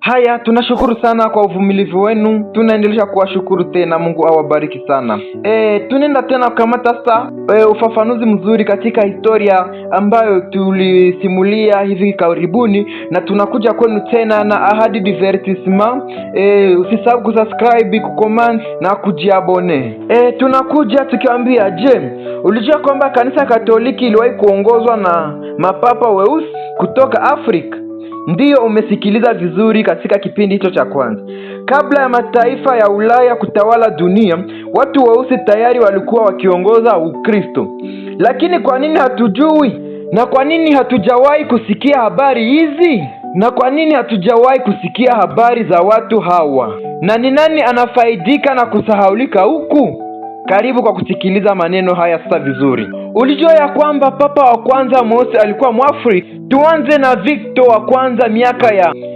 Haya, tunashukuru sana kwa uvumilivu wenu, tunaendelea kuwashukuru tena. Mungu awabariki sana. E, tunaenda tena kukamata sasa e, ufafanuzi mzuri katika historia ambayo tulisimulia hivi karibuni, na tunakuja kwenu tena na ahadi divertissement. E, usisahau kusubscribe, kucomment na kujiabone. E, tunakuja tukiwambia je, ulijua kwamba kanisa Katoliki iliwahi kuongozwa na mapapa weusi kutoka Afrika? Ndiyo, umesikiliza vizuri. Katika kipindi hicho cha kwanza, kabla ya mataifa ya Ulaya kutawala dunia, watu weusi tayari walikuwa wakiongoza Ukristo. Lakini kwa nini hatujui? Na kwa nini hatujawahi kusikia habari hizi? Na kwa nini hatujawahi kusikia habari za watu hawa? Na ni nani anafaidika na kusahaulika huku? Karibu kwa kusikiliza maneno haya sasa vizuri. Ulijua ya kwamba papa wa kwanza Mose alikuwa Mwafrika? Tuanze na Victor wa kwanza miaka ya